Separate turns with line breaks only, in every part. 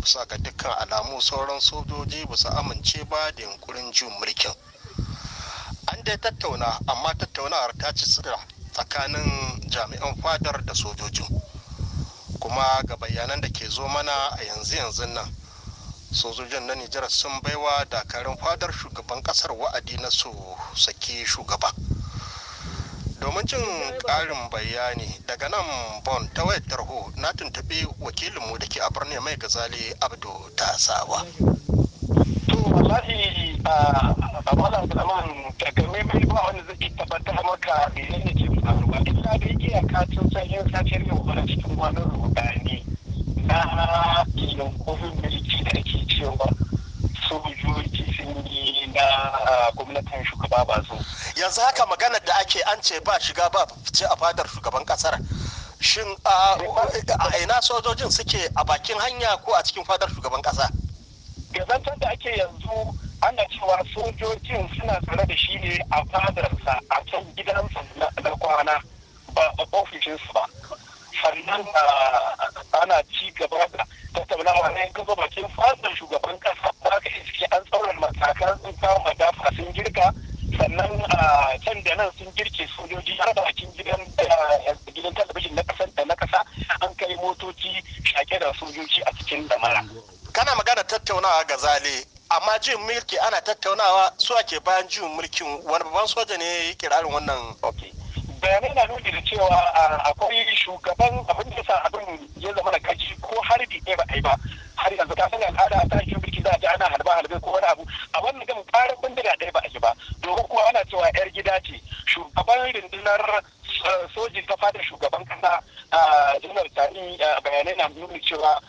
bisa ga dukkan alamu sauran sojoji ba su amince ba da yunkurin jin mulkin an dai tattauna amma tattaunawar ta ci tsira tsakanin jami'an fadar da sojojin kuma ga bayanan da ke zo mana a yanzu yanzu nan sojojin na nijar sun baiwa dakarun fadar shugaban kasar wa'adi na su saki shugaba domin cin ƙarin bayani daga nan bon ta wayar tarho na tuntuɓi wakilinmu da ke a birni mai gazali abdu tasawa
to wallahi a wannan zaman daga mai ba wanda zai tabbatar maka menene ke faruwa Ina da iya ka tun san yau wani cikin wani rudani na yankunan mulki da ake cewa sojoji sun yi na
gwamnatin shugaba yanzu haka maganar da ake an ce ba shiga ba ce a fadar shugaban kasar shin a ina sojojin suke a bakin hanya ko a cikin fadar shugaban kasa gazantar da ake yanzu ana cewa sojojin suna tsare da shi ne a fadarsa a can gidansa na kwana ba a ofishinsu ba sannan ana ci gaba da tattaunawa ne gaba bakin fadar girka sannan ah, can da nan sun girke sojoji har bakin gidan ah, gidan talabijin na kasar da na kasa an kai motoci shaƙe da sojoji a cikin damara. kana magana tattaunawa ga zale amma jin mulki ana tattaunawa su ake bayan jin mulkin wani babban soja ne ya yi kirarin wannan bayanai na nuni da cewa
ah, akwai shugaban abin da sa abin ya zama na kaji ko harbi ɗaya ba a yi ba har yanzu ka sani al'ada ta yi mulki za a ji ana halba halbe ko wani abu a wannan gama ƙarar bindiga ɗaya ba domin kuwa ana cewa 'yar gida ce shugaban rundunar eh, sojin ta fada shugaban kasa eh, janar tani eh, bayanai na nuna cewa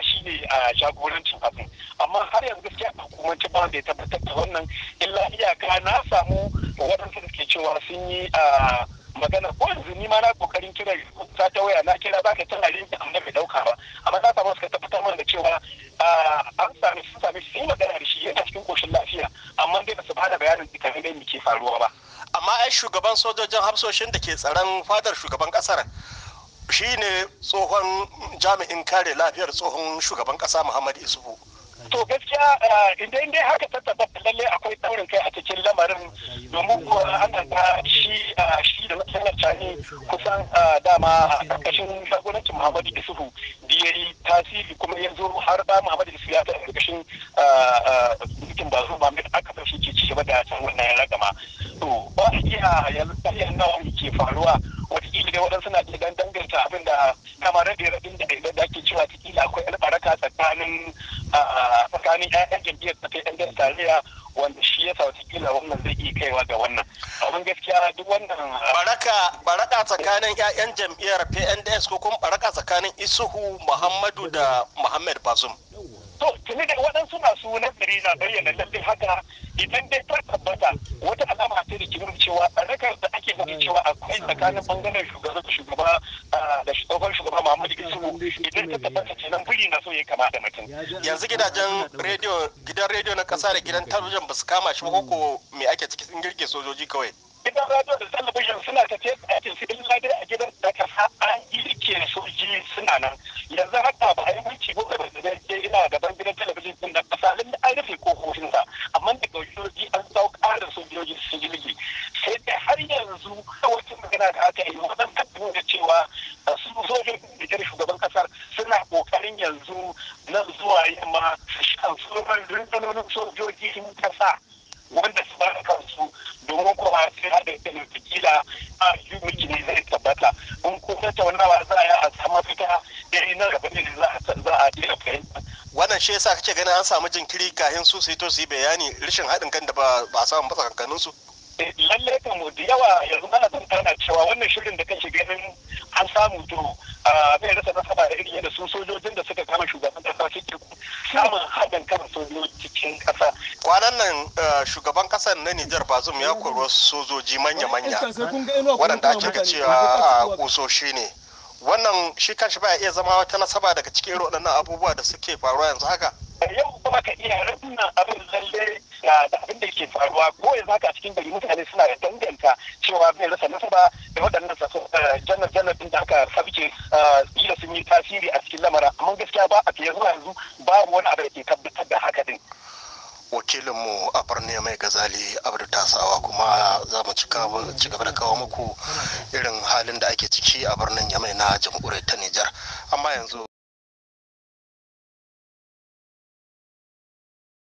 shi ne jagorancin abin amma har yanzu gaskiya a hukumance ba bai tabbatar da wannan illa iyaka na samu waɗansu da ke cewa sun yi magana ko yanzu ni ma na kokarin kira ta ta waya na kira ba ka tana rinki amma bai ɗauka ba amma na samu
baka da ke faruwa ba amma ai shugaban sojojin hafsoshin da ke tsaron fadar shugaban kasar shine tsohon jami'in kare lafiyar tsohon shugaban kasa Muhammad Isufu to gaskiya eh, inda-inda haka ta tabbata lalle akwai taurin kai a
cikin lamarin domin kuwa an ta shi eh, shi da matsalar cani kusan eh, dama a ƙarƙashin jagorancin Muhammadu Isufu shi tasiri kuma ya har ba Muhammadu su ya taɓa ƙarƙashin mutum ba ba mai aka fashe ke ci gaba da san wannan ya ragama. To ba a iya yanzu nawa ke faruwa wataƙila dai waɗansu na iya danganta abin da dama rabe rabin da da ake cewa wataƙila akwai albaraka tsakanin tsakanin 'ya'yan jam'iyyar ta kai ƴan tarayya yasa kila wannan zai iya kaiwa ga wannan abin gaskiya duk wannan ah, baraka baraka tsakanin
ƴaƴan jam'iyyar PNDS ko kuma baraka tsakanin Isuhu Muhammadu da Muhammad Bazum
to tuni da waɗansu masu nazari na bayyana lallai haka idan dai ta tabbata wata alama ce da cewa barakar da ake faɗi cewa akwai tsakanin bangaren shugaba da shugaba da shugaban shugaban Muhammadu Isuhu idan ta tabbata kenan biri na so ya kama da mutum yanzu gidajen
rediyo gidan rediyo na kasa da gidan talabijin ba su kama shi ba ko hmm. me ake ciki sun girke sojoji kawai gidan rediyo da talabijin suna tafiye da aikin su in ladai a gidan
da kasa an girke sojoji suna nan yanzu haka ba a yi mulki ba su zai ina gaban gidan talabijin din da kasa lalle an rufe kofofinsa amma daga sojoji an sau ƙarin sojoji su jirgi sai dai har yanzu kawai magana da aka yi wannan tabbin da cewa uh, su sojojin da shugaban kasar suna kokarin yanzu na zuwa yamma su shan tsoron rundunonin sojojin kasa wanda su bada kansu domin kuma sai hada da nufikila a yi ne zai tabbata in kuma taunawa za a yi a samu fita iri eh, na gaba ne za a a fahimta
wannan shi yasa kace ganin an samu jinkiri kafin su su yi to su yi bayani rashin haɗin kan da ba a samu
matsakankanin su Eh, lalle mu da yawa yanzu mana son tana cewa wannan shirin da kake ganin an samu to bai rasa nasaba da irin yadda su sojojin da suka kama shugaban kasa suke samun haɗin kan sojoji cikin kasa. kwanan nan eh, shugaban Kasan
na Nijar Bazum ya koro sojoji manya-manya waɗanda ake ga cewa a ah, ƙusoshi ne wannan shi kanshi baya iya zama wata nasaba daga cikin irin waɗannan abubuwa da suke
faruwa yanzu haka. yau kuma ka iya rabin abin da abin da ke faruwa ko yanzu haka cikin gari mutane suna da danganta cewa bai rasa nasaba da waɗannan eh, janar janar din da aka sabke kila eh, sun yi tasiri a cikin lamara amma gaskiya ba a fiye zuwa yanzu
babu wani abu da ke tabbatar da haka din. wakilinmu a birni mai gazali abu tasawa kuma za mu ci gaba da kawo muku irin halin da ake
ciki a birnin yamai na jamhuriyar ta nijar amma yanzu